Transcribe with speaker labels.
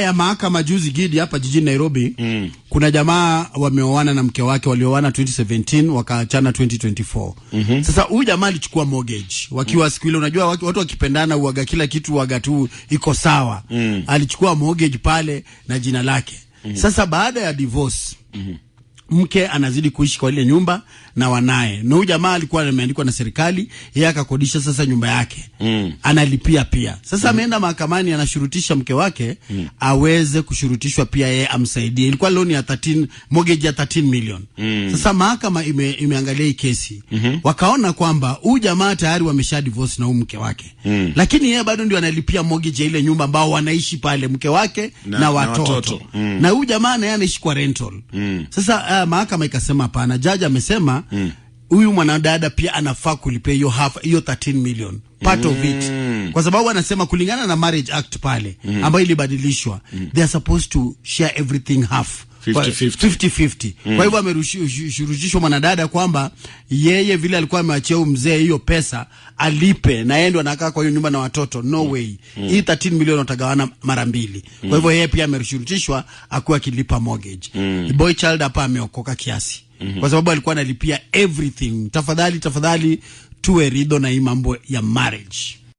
Speaker 1: ya mahakama juzi Gidi hapa jijini Nairobi mm. kuna jamaa wameoana na mke wake walioana 2017 wakaachana 2024. Mm -hmm. Sasa huyu jamaa alichukua mortgage wakiwa mm. siku ile unajua watu wakipendana uaga kila kitu uaga tu iko sawa mm. alichukua mortgage pale na jina lake mm -hmm. Sasa baada ya divorce mm -hmm mke anazidi kuishi kwa ile nyumba na wanaye, na huyu jamaa alikuwa ameandikwa na serikali, yeye akakodisha sasa nyumba yake mm. analipia pia sasa mm. ameenda mahakamani, anashurutisha mke wake mm. aweze kushurutishwa pia yeye amsaidie. Ilikuwa loan ya 13 mortgage ya 13 million mm. Sasa mahakama ime, imeangalia hii kesi mm -hmm. wakaona kwamba huyu jamaa tayari wamesha divorce na huyu mke wake mm. lakini yeye bado ndio analipia mortgage ya ile nyumba ambao wanaishi pale mke wake na, na watoto, mm. na huyu mm. jamaa naye anaishi kwa rental mm. sasa uh, ya mahakama ikasema hapana. Jaji amesema hmm. huyu mm. mwanadada pia anafaa kulipia hiyo half hiyo 13 million part mm. of it, hmm. kwa sababu anasema kulingana na marriage act pale mm. ambayo ilibadilishwa mm. they are supposed to share everything half 50-50. Mm. Kwa hivyo amerushishwa mwanadada kwamba yeye vile alikuwa ameachia huyu mzee hiyo pesa alipe, na yeye ndo anakaa kwa hiyo nyumba na watoto. No mm. way mm. hii 13 milioni utagawana mara mbili mm. Kwa hivyo mm. yeye pia amerushishwa akiwa akilipa mortgage mm. Boy child hapa ameokoka kiasi mm -hmm. Kwa sababu alikuwa analipia everything. Tafadhali tafadhali, tuwe ridho na hii mambo ya marriage.